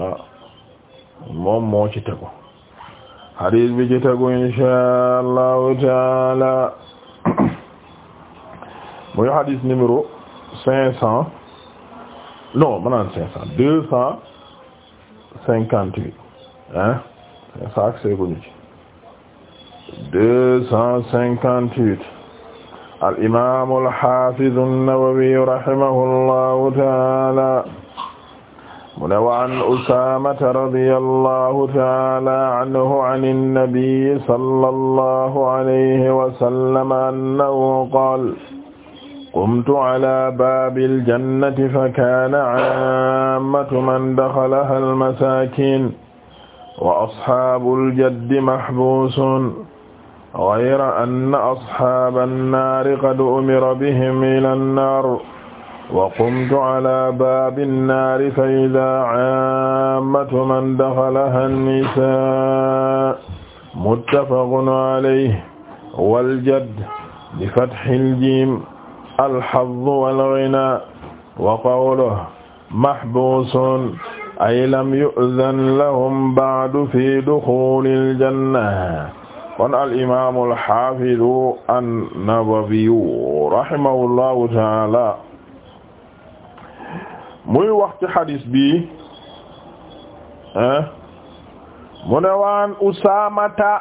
taala moom moo ci tegu hadis bi ci tegu cinq cent non ma naan cinq cent deux cent cinquante huit hein al imam al hafiz an-Nawawi rahimahullahu mu ne wa an Usaamata radiyallahu ta'ala anhu ani nabiyyi sallallahu alayhi wa sallam annahu qaala qumtu ala baabil jannati fakaana aammatu man daxalaha al-masaakiin wa ashaabul jaddi mahbuusuun ghayra anna ashaaban naari qad umira bihim ila an-naar وقمت على باب النار فإذا عامة من دخلها النساء متفق عليه والجد بفتح الجيم الحظ والغنى وقوله محبوس أي لم يؤذن لهم بعد في دخول الجنة kon al imaamul haafidu an-Nawawi rahimahullahu ta'ala muy wax ci xadis bi mu ne waan usamata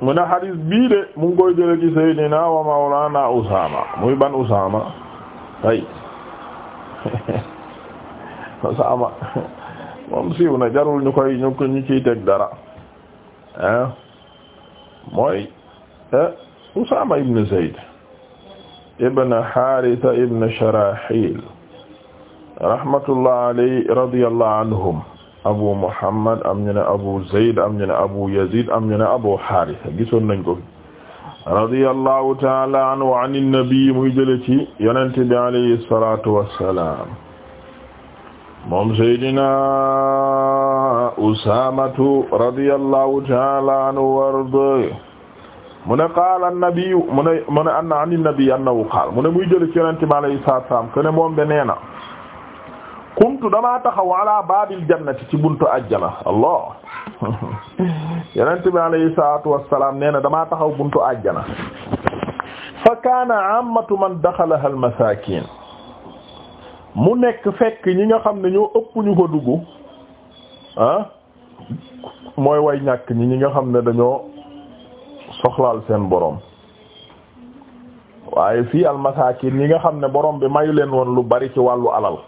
mu ne xadis bii de mu ngi koy jële ci sayyidina wa mawlana usama muy ban usama ay usama moom siiw na jarul ñu koy ñu ko ñu ciy teg dara ah mooy usama ibn zayd ibn haritha ibn sharahil rahmatullah alayhi radiyallahu anhum abu muhammad am ñu ne abu zayd am ñu ne abu yazid am ñu ne abu haarisa gisoon nañ ko radiyallahu taala anhu an nabi muy jële ci yonent bi alayhi salatu wassalam moom seydina usamatu radiyallahu taala anhu warda mu ne qaala nabiyu mu ne mu ne anna an nabi annahu qaala mu ne muy jële ci yonent bi alayhi salatu wassalam kene moom de nee na qumtu damaa taxaw ala baabil jannati ci buntu ajjana allah yonent bi alayhi salaatu wassalaam nee na damaa taxaw buntu ajjana fa kaana ammatu man daxalaha al mu nekk fekk ñi nga xam ne ñoo ëpp ñu ko dugg ah mooy way ñàkk ñi ñi nga xam ne dañoo soxlaal seen boroom waaye fii al ñi nga xam ne borom bi mayu leen woon lu bari ci wàllu alal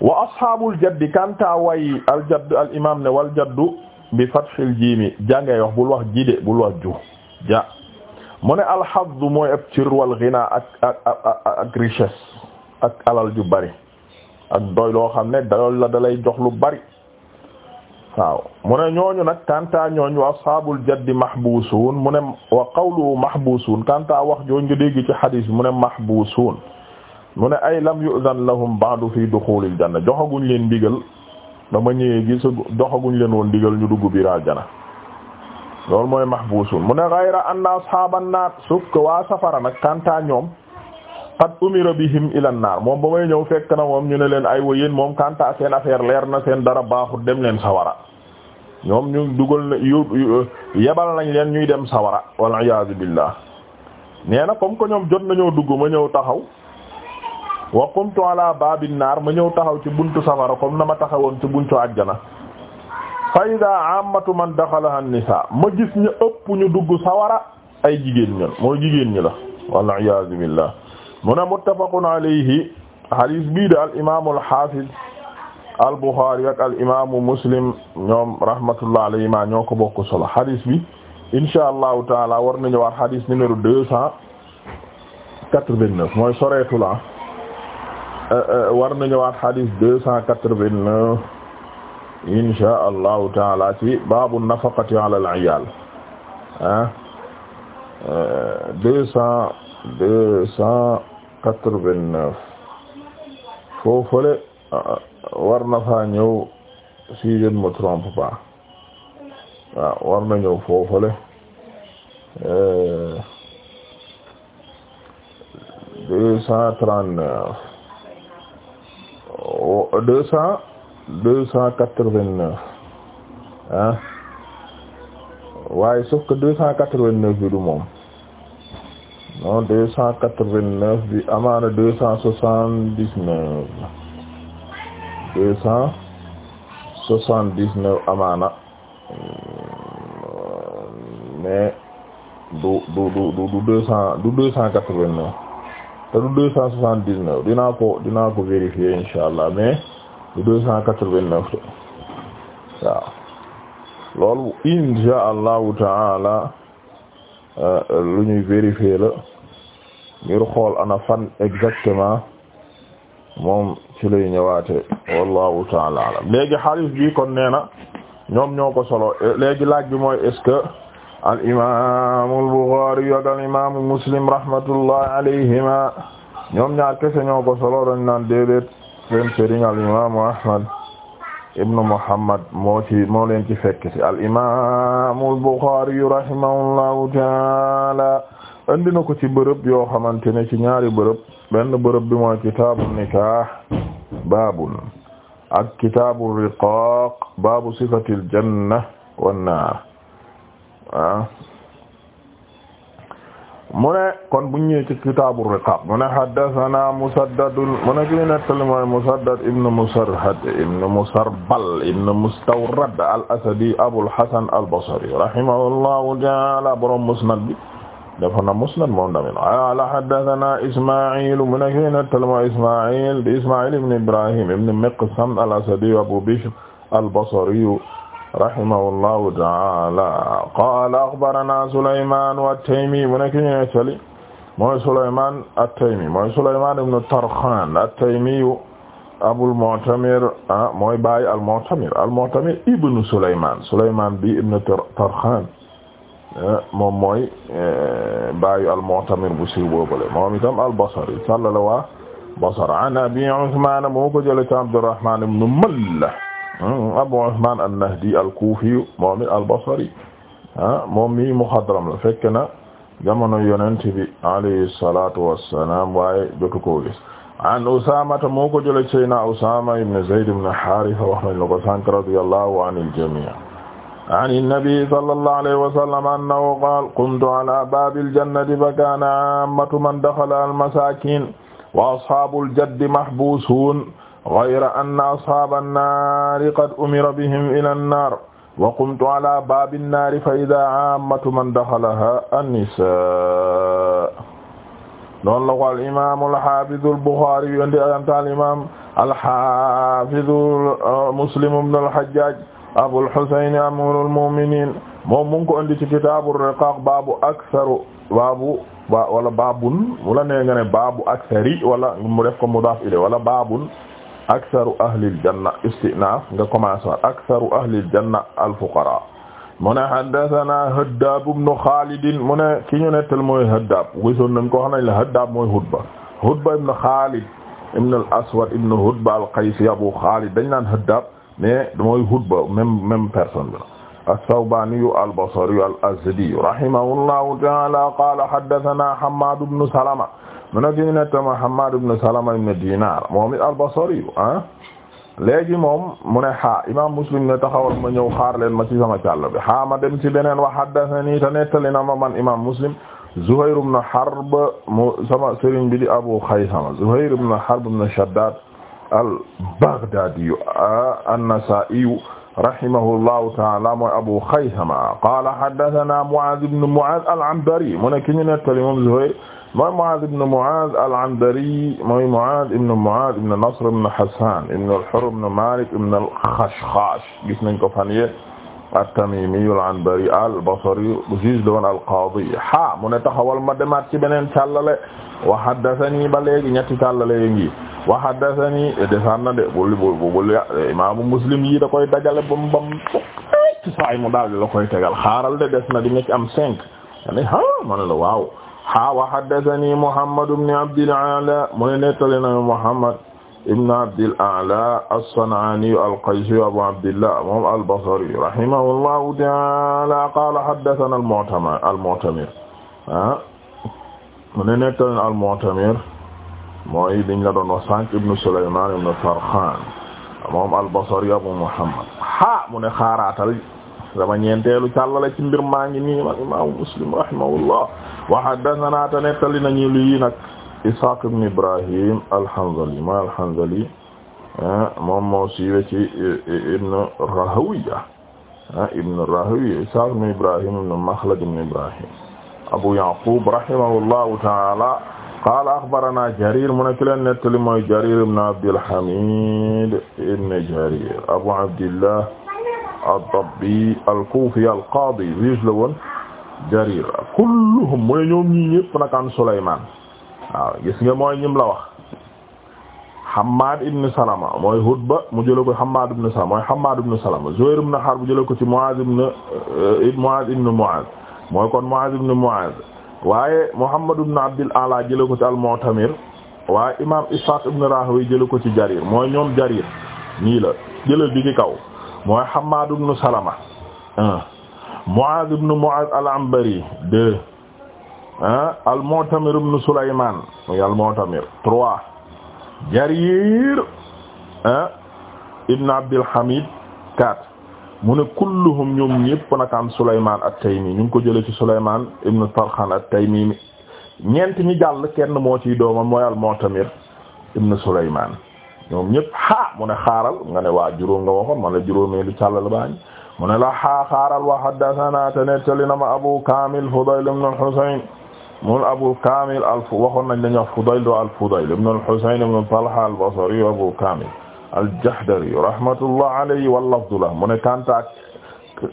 wa ashaabul jaddi kanta way al jadd ne wal jaddu bi fathil jiimi jàngee wax bul wax ji de bul wax ju ja mu ne alxaddu mooy ab cir wal ghina ak ak ak richesse alal ju bari ak doy loo xam ne doy la dalay jox lu bari waaw mu ne ñooñu nag kanta ñooñ wa ashaabul jaddi mahbuusuun mu ne wa qawlu mahbuusuun kanta wax jooñ nga ci xadiis mu ne mahbuusuun mu ne ay lam la lahum ba'du fi duxulil janna joxaguñ leen ndigal dama ñëwee gis joxaguñ leen woon ndigal ñu dugg biir aljana loolu mooy mahbusun mu ne ghayra anna ashaaban naar sukk waa safara nag kantaa ñoom qad umira bihim ilan naar moom ba may ñëw fekk na moom ñu ne leen ay wa yéen moom kanta seen affaire leer na seen dara baaxut dem leen sawara ñoom ñu dugal yebal nañ leen ñuy dem sawara wal iyaazu billah nee na comme que ñoom jot nañoo dugg ma ñëw taxaw wa qumtu ala babin naar ma ñëw taxaw ci buntu safara comme na ma taxawoon ci buntu àjjana fa ida man daxalaha nisa ma gis ñu ëpp ñu dugg sawara ay jigéen ñun mooy jigéen ñi la wal iyaazu billah mu ne muttafaqun alayhi hadis bii de al imamu alhafiz al buxaari al imaamu muslim ñoom rahmatullah alayhima ñoo ko bokk solo hadis bi insha taala war nañu war hadis numéro deux cent mooy soreetu la ah. war nañu waat hadith deux cent quatre-vingt-neuf insha allahu taala ci baabu nafaqati ala al-iyal ah deux cent quatre-vingt-neuf foofule ah, ah, war na faa ñëw si je ne me trompe pas ah, euh, deux cent trente deux cent deux cent quatre-vingt-neuf ah waaye sauf que deux cent quatre-vingt-neuf bi du moom non deux cent quatre-vingt-neuf bi amaana deux cent soixante-dix-neuf deux cent soixante-dix-neuf amaana hmm, mais du du du du deux cent du deux cent quatre-vingt-neuf te du deux cent soixante-dix-neuf ko dinaa ko vérifier insha allah mais du deux cent quatre-vingt-neuf te waaw loolu insha allahu taala euh, lu ñuy vérifier la ngir xool ana fan exactement moom ci lay ñëwaate wallahu taala alam léegi xaalis bi kon nee ñoom ñoo ko solo léegi laaj bi mooy est al imaamu al Buxaari ak al imaamu Muslim rahmatullahi alayhima ñoom ñaar kese ñoo ko solo dañ naan déedéet seen sëriñ al imaamu Ahmad ibnu Muhammad moo ci moo leen ci fekk ci al imaamu al Buxaari rahimahullahu taala andi na ko ci bërëb yoo xamante ne ci ñaari bërëb benn bërëb bi mooy kitaabu nikaah baabun ak kitaabu riqaaq baabu sifatil janna wan naar ah mu ne kon bu ñëwee ci kitaabu riqaab mu ne haddathana Musaddad mu ne kii nettali mooy Musaddad ibn Musarhad ibn Musarbal ibn Mustawrad al-Asadi Abul Hasan al-Basri rahimahullahu ta'ala borom musnad bi dafa na musnad moom tamit ala haddathana Isma'il mu ne kii nettali mooy Isma'il di Isma'il ibn Ibrahim ibn Miqsam al-Asadi Abu Bishr al-Basri rahimahullahu ta'ala qala akhbarana Sulayman at-Taymi mu nekk ñu nettali mooy Sulayman at-Taymi mooy Sulayman ibn Tarkhan at-Taymi Abul Mu'tamir ah, mooy baay al-Mu'tamir al-Mu'tamir ibn Sulayman Sulayman bi ibn Tarkhan ah, moom mooy eh, baayu al-Mu'tamir bu siiw boobule moom itam al-Basri sallala waa Basra an Abi Uthman moo ko jëlee ci Abdurrahman ibn Mallah Hmm, Abu Usman an-Nahdi al-Kufi moom it al-Basri ah, moom mi muxadram la fekk na jamono yonent bi alayhi salatu wassalam waaye jotu ko gis an Usaamata moo ko jëlee Seydina Usaama ibn Zayd ibn Haarisa wax nañ la ko sànq radiyallahu anil jamii an an-nabi sallallahu alayhi wa sallam annahu qaala qumtu ala baabil jannati fa kaana aammatu man daxala al-masaakiin wa ashaabul jaddi mahbuusuun ghayra anna ashaaba an-naari qad umira bihim ila an-naar wa qumtu ala baabi an-naari fa idaa aammatu man daxalahaa an-nisaa noonu la ko al imaam al-haafiz al-Buxaari yu andi ayanta al imaam al-haafiz Muslim ibn al-Hajjaaj Abul Husayn amiirul mu'miniin moom mu ngi ko andi ci kitaabu riqaaq baabu aksaru baabu wala baabun wala nee nga ne baabu aksari wala mu def ko mudaaf ilayhi wala baabun aksaru ahlil janna istinaaf nga commencé waat aksaru ahlil janna alfuqara mu ne haddasanaa Haddaab ibnu Xaalid mu ne ki ñu nettal mooy Haddaab gisoon nañ ko xam nañ la Haddaab mooy Hudba Hudba ibnu Xaalid ibnu al-Aswad ibnu Hudba al-Qaysi Abu Xaalid dañ naan Haddaab mais mooy Hudba même même personne bi la as-Sawbaaniyu al-Basriyu al-Azdiyu rahimahullahu ta'aala qaala haddasanaa Hammaad ibnu Salama mu ne gëñu netta Muhammad ibn Salama ibn Dinar moom it al-Basri ah léegi moom mu ne xaa imam Muslim ne taxawal ma ñëw xaar leen ma ci sama càll bi xaa ma dem ci beneen wa haddathani te nettali na ma man imam Muslim Zuhayr ibn Harb mu sama sëriñ bi di Abu Khaysama Zuhayr ibn Harb ibn Shaddad al-Baghdadi ah, an-Nasa'i rahimahullahu taala mooy Abu Khaysama qala haddathana Mu'adh ibn Mu'adh al-Anbari mu ne ki ñu nettali moom Zuhayr mooy Muaaz ibn Muaaz al-Anbari mooy Muaaz ibn Muaaz ibn Nasr ibn Hassaan ibn al-Hurr ibn Maalik ibn al-Khashkhaash gis nañ ko fan yéen at-Tamiimi al-Anbari al-Basri juge doon al-qaadi ha mu ne taxawal ma demaat ci beneen càllale wa haddathanii ba léegi ñetti càllale yi ngi wa haddathanii desaan na de bu bu bu imaamu Muslim yi da koy dajale bam bam ci saay mu daal di la koy tegal xaaral de des na di nga ci am cinq ma ne ah man la waaw. ha wa haddathani Muhammad ibn Abdil A'la mu ne nettali na Muhammad ibn Abdil A'la as-San'ani al-Qaysi Abu Abdillah moom al-Basri rahimahullahu ta'ala qala haddathana al-Mu'tamir al-Mu'tamir ah mu ne nettali na al-Mu'tamir mooy liñ la doon wax sànq ibn Sulayman ibn Tarkhan moom al-Basri Abu Muhammad ha mu ne xaaraatal dama ñeenteelu càllale ci mbir maa ngi nii ma Imam Muslim rahimahullah wa haddathana ta nettali nañu lii nag Ishaq ibn Ibrahim al-Hanzali ma al-Hanzali ah, moom moo siiwe ci ibn Rahawiya ah, ibn Rahawiya Ishaq ibn Ibrahim ibn Makhlad ibn Ibrahim Abu Ya'qub rahimahullahu ta'ala qaala axbarana Jarir mu nekk leen nettali mooy Jarir ibn Abdil Hamid ibn Jarir Abu Abdillah ad-Dabbi al-Kufi al-Qadi juge la woon jarir kulluhum mu ne ñoom ñii ñëpp nag an Sulaymaan waaw gis nga mooy ñim la wax Hammaad ibn Salama mooy Hudba mu jële ko Hammaad ibn Salama mooy Hammaad ibn Salama Zuhayr ibn Harb jële ko ci Muaaz ibn euh, Muaaz ibn Muaaz mooy kon Muaaz ibn Muaaz waaye Muhammad ibn Abdil A'la jële ko ci al-Mu'tamir waaye imaam Ishaaq ibn Raahawayh jële ko ci Jarir mooy ñoom Jarir nii la jëlal di ci kaw mooy Hammaad ibn Salama Muaaz ibn Muaaz al-Anbari deux ah al-Mu'tamir ibn Sulaymaan muy al-Mu'tamir trois Jariir ah ibn Abdil Hamid quatre mu ne kulluhum ñoom ñëpp nag am Sulaymaan at-Taymi ñu ngi ko jëlee ci Sulaymaan ibn Tarxaan at-Taymi ñeent ñi jàll kenn moo ciy doomam mooy al-Mu'tamir ibn Sulaymaan ñoom ñëpp ha mu ne xaaral nga ne waa juróom nga waxoon man la juróomee lu càll la baañ mu ne la xaaral wa haddathana te nettali na ma Abu Kamil Fudayl ibn al-Husayn mun Abu Kamil alfu waxoon nañ dañuy wax Fudayl do al-Fudayl ibn al-Husayn ibn Talha al-Basri Abu Kamil al-Jahdari rahmatullah alayhi wal lafdu la mu ne kantaak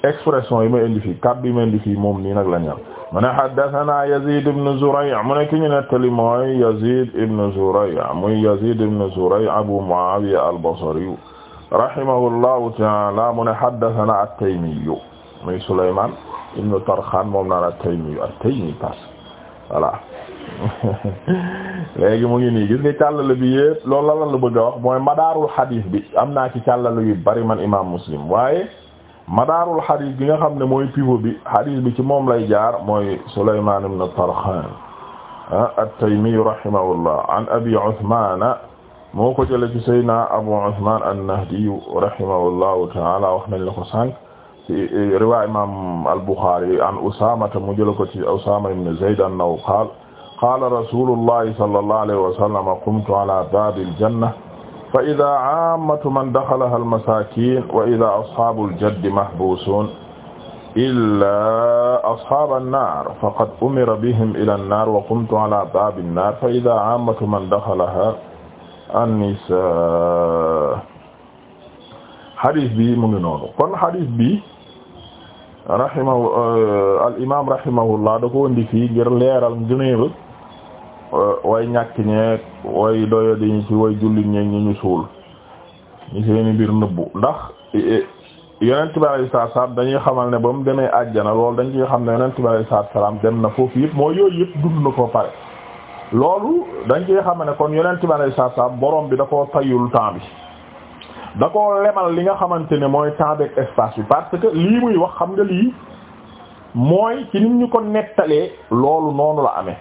expression yi may indi fii kàddu yi may indi fii moom nii nag la ñal mu ne haddathana Yazid ibn Zuray' mu ne ki ñu nettali mooy Yazid ibn Zuray' muy Yazid ibn Zuray' Abu Muawiya al-Basri rahimahullahu ta'ala mu ne haddathana at-Taymiyu muy Sulaymaan ibnu Tarxaan moom naan at-Taymiyu at-Taymi pass voilà léegi mu ngi nii gis nga càllale bi yëpp loolu la la bëgg a wax mooy madaarul xadiis bi am naa ci càllale yu bari man imaam Muslim waaye madaarul xadiis bi nga xam ne mooy pivot bi xadiis bi ci moom lay jaar mooy Sulaymaan ibnu Tarxaan ah, at-Taymi rahimahullah an Abi Usmaan moo ko jëlee ci Seydina Abu Usman an-Nahdi rahimahullahu ta'ala wax nañ la ko sànq ci riwaaya imam al-Bukhari an Usama ta mu jëlee ko ci Usama ibn Zayd annahu qaala qaala rasulullahi sallallahu alayhi wa sallam qumtu ala baabil janna fa idaa aammatu man daxalaha al-masaakiin wa idaa ashaabul jaddi mahbuusuun illaa ashaaban naar faqad umira bihim ilaa naar wa qumtu ala baabin naar fa idaa aammatu man daxalaha an-nisaa xadis bi mu ngi noonu kon xadis bi rahimahu euh, al imaam rahimahullah da ko indi fii ngir leeral ngëneelu euh, way ñàkk ñeek way doyo di ci way jullit ñeek ñi ñu suul ñi seeni mbir nëbbu ndax yonent bi alayhi salaatu salaam dañuy xamal ne ba mu demee àjjana loolu dañ xam ne yonent bi a salaatu salaam dem na foofu yëpp mooy yooyu yëpp dund na ko pare loolu dañ ci xam ne kon yonent bi alayhi salaam borom bi da koo tayul temps bi da koo lemal li nga xamante ne mooy temps beeg espace bi parce que lii muy wax xam nga lii mooy ci nit ñu ko nettalee loolu noonu la amee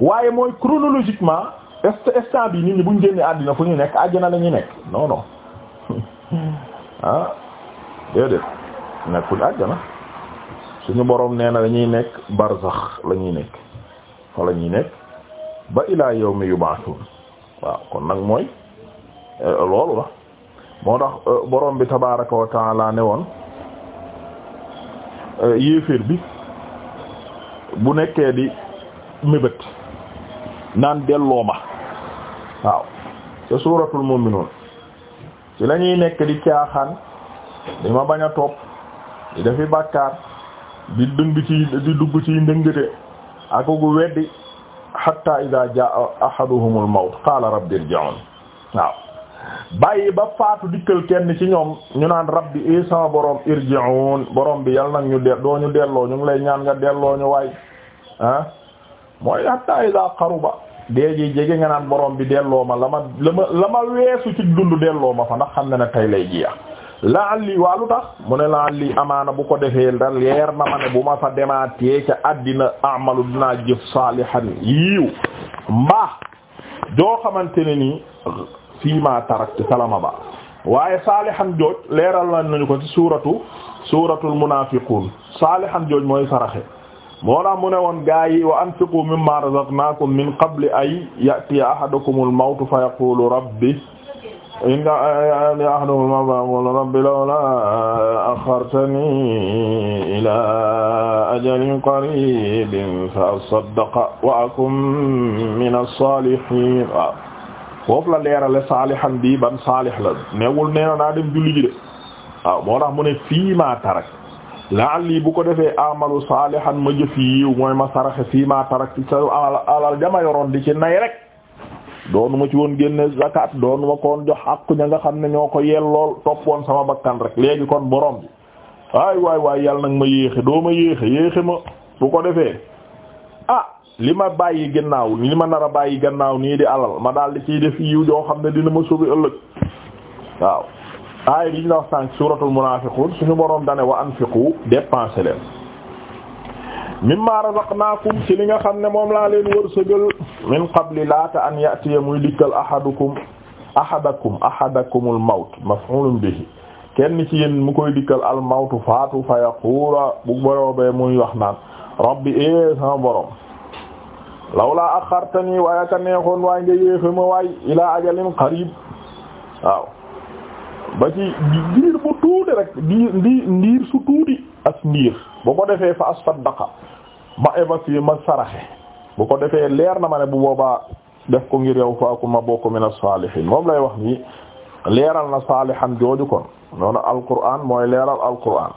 waaye mooy chronologiquement instant bi nit ñi buñ génnee àddina fu ñu nekk àjjana la ñuy nekk non non ah déedéet nekkuñ àjjana suñu borom nee na la ñuy nekk barzax la ñuy nekk fa la ñuy nekk. ba ilaa yawmi yub'athun waaw kon nag mooy euh, loolu la moo tax euh, borom bi tabaaraka wa ne woon euh, yéeféer bi bu nekkee di mébét naan delloo ma waaw te suuratul mu'minuun ci la ñuy nekk di caaxaan di ma bañ a topp di dafi bàkkaar di dëng ci di dugg ci ndëngate ak gu weddi hatta idha jaa ahaduhumul mawt qaala rabbi irji'un waaw bàyyi ba faatu dikkal kenn ci ñoom ñu naan rabbi i eh, sama borom irji'un borom bi yal nag ñu de doo ñu delloo ñu ngi lay ñaan nga delloo ñu waay ah mooy hatta idha qaruba dee ji jege nga naan borom bi delloo ma la ma la ma la ma weesu ci dund delloo ma fa ndax xam ne ne tey lay jiya laalli waalu tax mu ne laalli amaana bu ko defee da leer ma ne bu ma fa demaatee ca àddina amalu dinaa jëf saalihan yiiw mbaax joo xamante ne nii fii ma taraktu waaye saalihan jooj leeral la nañu ko ci suuratu suuratul munaafiquun saalihan jooj mooy saraxe moo tax mu ne woon gaa yi wa anfiqu mimma razaqnaakum min qabli ay a ahadakumul mawtu fa yaqulu rabbi inna ahaduhumaa yaqulu rabbi lawlaa axxartanii ilaa ajalin qariibin fa asaddaqa wa akun mina saalihiin waaw foofu la leerale saalihan bi ban saalih la newul nee naa dem julli ji de waaw moo tax mu ne fii maa tarak la'allii bu ko defee amalu saalihan ma jëf yiw mooy ma saraxe fii maa tarak ci sa alal jama yoroon di ci nay rek. doonu ma ci woon génne zakat doonu ma koon jox àqu ña nga xam ne ñoo ko yel toppoon sama bakkan rek léegi kon boroom bi waay waay waay yàlla nag ma yéexe doo ma yéexe yéexe ma bu ko defee ah li ma bàyyi gannaaw li ma nar a bàyyi gannaaw nii di alal ma daal di ciy def yiw joo xam ne dina ma subi ëllëg waaw aay bi ñu la wax sànq suuratul munaafiqun suñu borom dane wa anfiqu dépensé leen mimma razaqnaakum ci li nga xam ne moom laa leen wërsëgal min qabli laata an yatiya muy dikkal ahadukum ahadakum ahadakumul mawt maf'ulun bihi kenn ci yéen mu koy dikkal al faatu fa yaquula bu boroobee muy wax rabbi ee eh, sama borom lawlaa axartani waaye ka neexoon waaye nga yéexe waay ilaa ajalin qarib waaw ba ci diir bu tuuti rek ndiir su tuuti as ndiir bu ko defee fa as saddaqa ma évasier ma saraxe bu ko defee leer na ma ne bu boobaa def ko ngir yow faaku ma bokk min as-salihin moom lay wax ni leeral na saalihan jooju kon noonu alquran mooy leeral alquran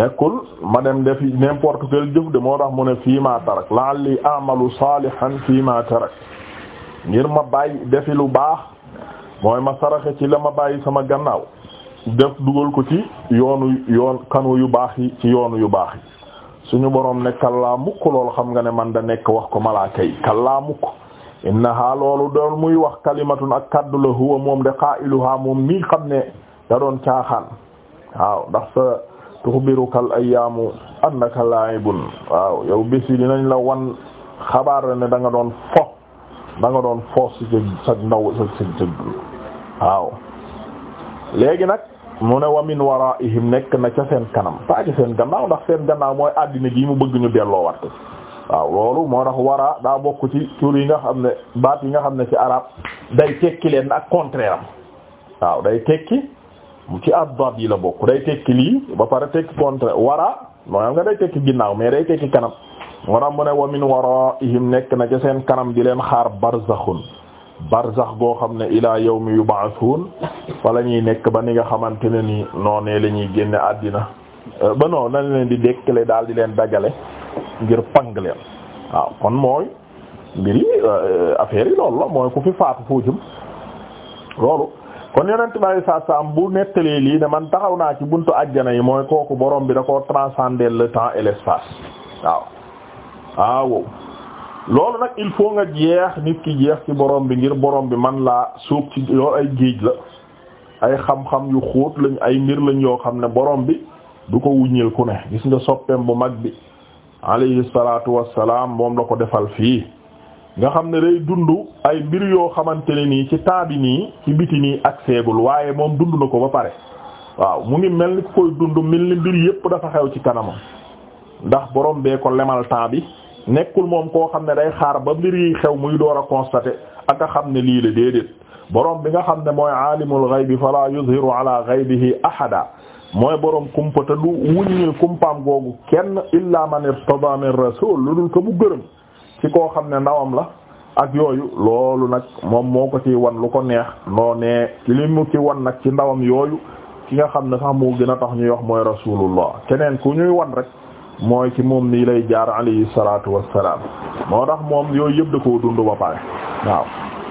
nekkul ma dem def n'importe quel jëf moo tax mu ne fii ma tarak la'alli a'malu salihan fii ma tarak ngir ma bàyyi defi lu baax mooy ma saraxe ci la ma bàyyi sama gannaaw def dugal ko ci yoonu yoon kanu yu baax yi ci yoonu yu baax yi suñu boroom ne kallaa mukk loolu xam nga ne man da nekk wax ko malaaka yi kallaa mukk innahaa loolu doon muy wax kalimatu ak kaddu la huwa moom de qaa'iluhaa moom mii xam ne da doon caaxaan waaw ndax biru sa tuxbirukal ayyaamu annaka laa'ibun waaw yow bés yi dinañ la wan xabaar la ne danga doon fo da nga doon fo si sa ndaw sa sa waaw léegi nag mu ne wa min waraihim nekk na ca seen kanam pas seen gannaaw ndax seen gannaaw mooy àddina gi mu bëgg ñu delloo wat waaw loolu moo tax wara daa bokk ci tur yi nga xam ne baat yi nga xam ne ci arab day tekki leen ak contraire am waaw day tekki ci adab yi la bokk day tekki lii ba pare tekki contraire wara mooy nga day tekki ginnaaw mais day tekki kanam moo tax mu ne wa min waraihim nekk na ca seen kanam di leen xaar barzakhun barzax goo xam ne yow ilaa yawmi yub'athun fa la ñuy nekk ba ni nga xamante ne ni noonee la ñuy génne àddina euh, ba non na leen di dekkale daal di leen dajale ngir pang leen waaw kon mooy mbiri euh, affaire yi loolu la mooy ku fi faatu foo jëm loolu kon yonent bi saa saam bu nettalee lii ne man taxaw naa ci buntu ajjana yi mooy kooku borom bi da koo transcender le temps et l'espace waaw waaw loolu nag il faut nga jeex nit ki jeex ci boroom bi ngir borom bi man laa suub ci loolu ay géej la ay xam-xam yu xóot lañ ay mbir lañ yoo xam ne boroom bi du ko wuññil ku ne gis nga soppeem bu mag bi alayhi salaatu wassalaam moom la ko defal fii nga xam ne day dund ay mbir yoo xamante ne nii ci temps bi nii ci biti nii ak seegul waaye moom dund na ko ba pare waaw mu ngi mel ni ku koy dund mel ni mbir yépp dafa xew ci kanamam ndax borom bee ko lemal temps bi nekkul moom koo xam ne day xaar ba mbiri yi xew muy door a constater ak a xam ne lii la déedéet borom bi nga xam ne mooy aalimul ghaybi fala yuzhiru ala ghaybihi ahada mooy borom kumpa te du wuññil kumpaam googu kenn illa man irtada min rasul lu dul ko mu gërëm ci koo xam ne ndawam la ak yooyu loolu nag moom moo ko ci wan lu ko neex noo ne li mu ci wan nag ci ndawam yooyu ki nga xam ne sax moo gën a tax ñuy wax mooy rasulullah keneen ku ñuy wan rek mooy ci moom nii lay jaar alayhi salaatu wassalaam moo tax moom yooyu yëpp da koo dund ba pare waaw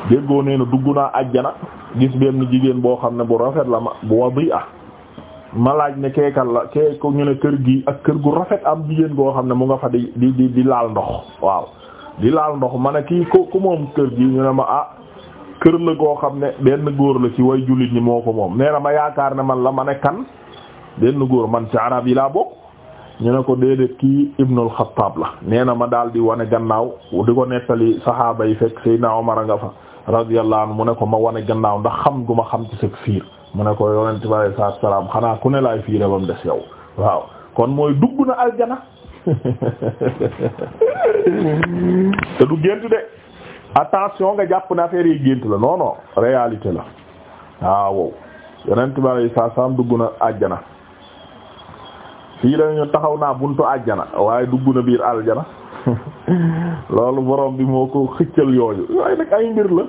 déggoo nee na dugg naa ajjana gis benn jigéen boo xam ne bu rafet la ma bu wadi ah ma laaj ne keekal la kee ko ñu ne kër gi ak kër gu rafet am jigéen goo xam ne mu nga fa di di di laal ndox waaw di laal ndox ma ne kii ku moom kër gi ñu ne ma ah kër la goo xam ne benn góor la ci way jullit ñi moo ko moom nee na ma yaakaar ne man la ma ne kan benn góor man ci arab yi laa bokk ñu ne ko déedéet kii Ibnul Xattaab la nee na ma daal di wane gannaaw di ko nettali saxaaba yi fekk Seydina Omar nga fa radiyallahu anhu mu ne ko ma wane gannaaw ndax xam gu ma xam ci sa fiir mu ne ko yonent bi alayhi salaam xanaa ku ne laay fiire ba mu des yow waaw kon mooy dugg na aljana te du gént de attention nga jàpp ne affaire yi gént la non réalité la waaw yonent bi alayhi salaam dugg na aljana. fii dañu taxaw naa buntu àjjana waaye dugg na biir aljana loolu borom bi moo ko xëccal yooyu yooyu nag ay mbir la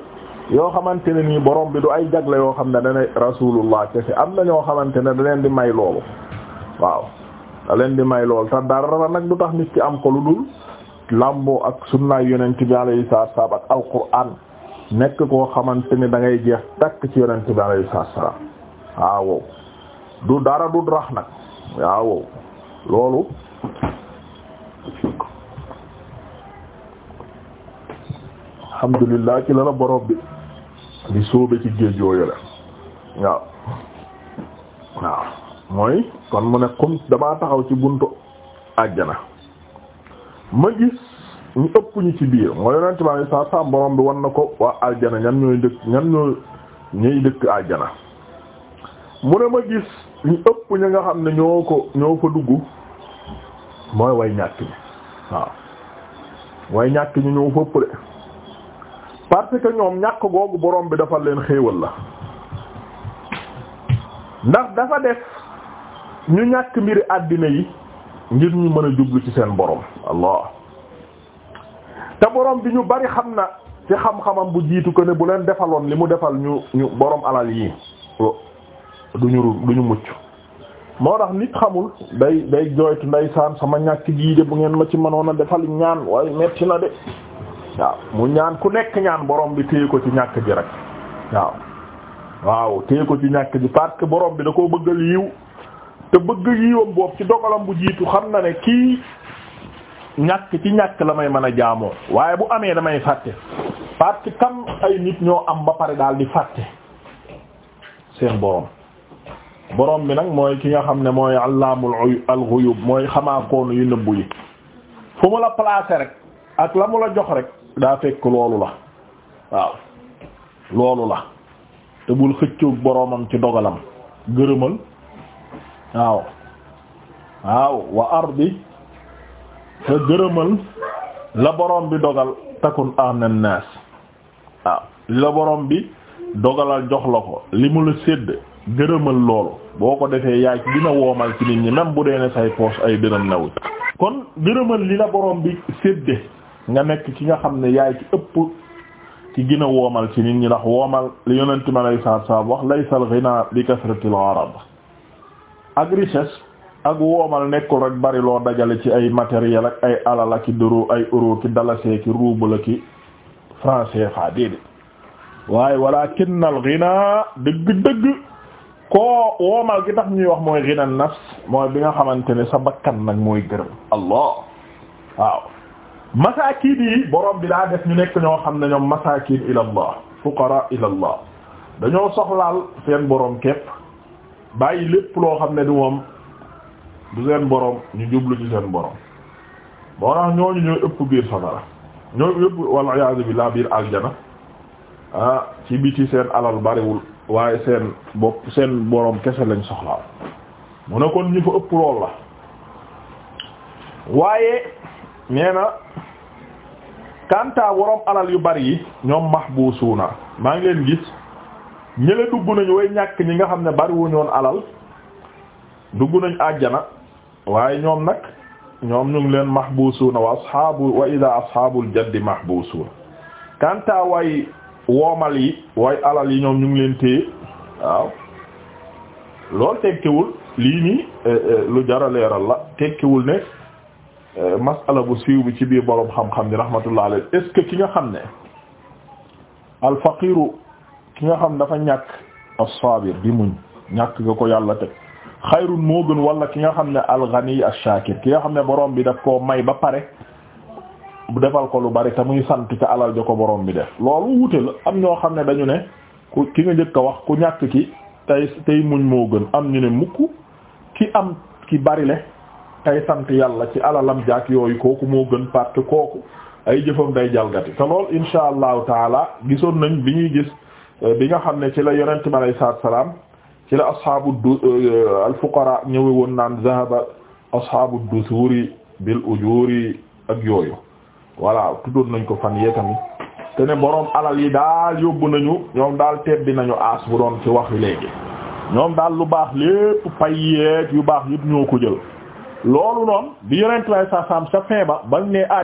yoo xamante ne nii borom bi du ay jagle yoo xam ne dana rasulullah kese am na ñoo xamante ne da leen di may loolu waaw da leen di may loolu te dara nag du tax nit ki am ko lu dul làmboo ak sunnaay yonent bi alayhi salaatu salaam ak alquran nekk koo xamante ni da ngay jeex takk ci yonent bi alayhi salaatu salaam waaw du dara du rax nag. waaw loolu alhamdulillah ci la la borom bi di sóobe ci géej yooyu la waaw waaw mooy kon mu ne comme damaa taxaw ci buntu àjjana ma gis ñu ëpp ñu ci biir mooy yonent bi alayhi salaatu salaam borom bi wan na ko waa àjjana ñan ñooy dëkk ñan ñooy ñuy dëkk àjjana mu ne ma gis ñu ëpp ñi nga xam ne ñoo ko ñoo fa dugg mooy way ñàkk ñi waaw way ñàkk ñi ñoo fëpp de parce que ñoom ñàkk googu boroom bi dafa leen xéewal la ndax dafa def ñu ñàkk mbiri àddina yi ngir ñu mën a jublu ci seen boroom allah te boroom bi ñu bari xam na ci xam-xamam bu jiitu ko ne bu leen defaloon li mu defal ñu ñu boroom alal yi duñu duñu mucc moo tax nit xamul day day jooytu ndeysaan sama ñàkk gii de bu ngeen ma ci mënoon a defal ñaan waaye metti na de waaw mu ñaan ku nekk ñaan borom bi téye ko ci ñàkk ji rek waaw waaw téye ko ci ñàkk ji park que borom bi da koo bëggal yiw te bëgg yiwam boobu ci dogalam bu jiitu xam na ne kii ñàkk ci ñàkk la may mën a jaamoo waaye bu amee damay fàtte parce que kam ay nit ñoo am ba pare daal di fàtte seen borom borom bi nag mooy ki nga xam ne mooy allaamul al-ghuyub mooy xamaakoon yu nëbbu yi fu mu la placé rek ak la mu la jox rek daa fekk loolu la waaw loolu la te bul xëccoog boromam ci dogalam gërëmal waaw waaw wa ardi te gërëmal la borom bi dogal takun anan waaw la borom bi dogalal jox la ko li mu la sédd gërëmal loolu boo ko defee yaay ci dina woomal ci nit ñi même bu dee ne say poche ay dërëm nawu kon gërëmal li la borom bi sédde nga nekk ci nga xam ne yaay ci ëpp ci gën a woomal ci nit ñi ndax woomal li yonent ma lay saab saab wax laysa al ghina bi kasratil arab ak richesse ak woomal nekkul rek bari loo dajale ci ay matériel ak ay alal ak doro ay euro ki dalasee ki ruubal ki franc CFA déedéet waaye walakin al ghina dëgg-dëgg koo woomal gi tax ñuy wax mooy ginan nafs mooy bi nga xamante ne sa bakkan nag mooy gërëm allah waaw masaakiin yi borom bi daa def ñu nekk ñoo xam ne ñoom masaakiin ila allah fuqara ila allah dañoo soxlaal seen borom képp bàyyi lépp loo xam ne du moom du seen borom ñu jublu ci seen borom moo tax ñooñu ñooy ëpp biir safara ñooy ëpp wal iyaazu billaah biir aljana ah ci biti seen alal bariwul waaye seen bopp seen boroom kese lañ soxlaaw mu ne kon ñi fa ëpp lool la waaye nee na kanta alal yu bari yi ñoom max mahbusuuna maa ngi leen gis ñële dugg nañu way ñàkk ñi nga xam ne bari wu alal dugg nañu àjjana waaye ñoom nag ñoom ñu ngi leen mahbusuuna wa ashaabu wa ida ashaabul jaddi mahbusuuna kanta way woomal yi waaye alal yi ñoom ñu ngi leen téye waaw loolu tekkiwul lii nii eh, eh, lu jara leeral la tekkiwul ne eh, masala bu siiw bi ci biir borom xam-xam ni rahmatullah alayhi est ki nga xam ne al faqiru ki nga xam dafa ñàkk as-sabir bi muñ ñàkk nga ko yàlla teg xayrun moo gën wala ki nga xam ne al ghani ash-shakir ki nga xam ne borom bi daf koo may ba pare defal ko lu bari te muy sant ca alal ja ko borom bi def loolu wute la am ñoo xam ne dañu ne ku ki nga jëkk a wax ku ñàkk ki tey tey muñ moo gën am ñu ne mukk ki am ki bari le tey sant yàlla ci alalam jaak yooyu kooku moo gën parce kooku ay jëfam day jalgati te lool insha allahu taala gisoon nañ bi ñuy gis euh, bi nga xam ne ci la yonent bi alayhi salaatu salaam ci la ashaabu du euh, al fuqara ñëwe woon naan zahaba ashaabu dusuri bil ujuri ak yooyu voilà tuddoon nañ ko fan yee tamit te ne boroom alal yi daal yóbbu nañu ñoom daal tebbi nañu aas bu doon ci wax léegi ñoom daal lu baax lépp pay yeeg yu baax yëpp ñoo ko jël loolu noonu bi yonent lay sa sam ba bañ ne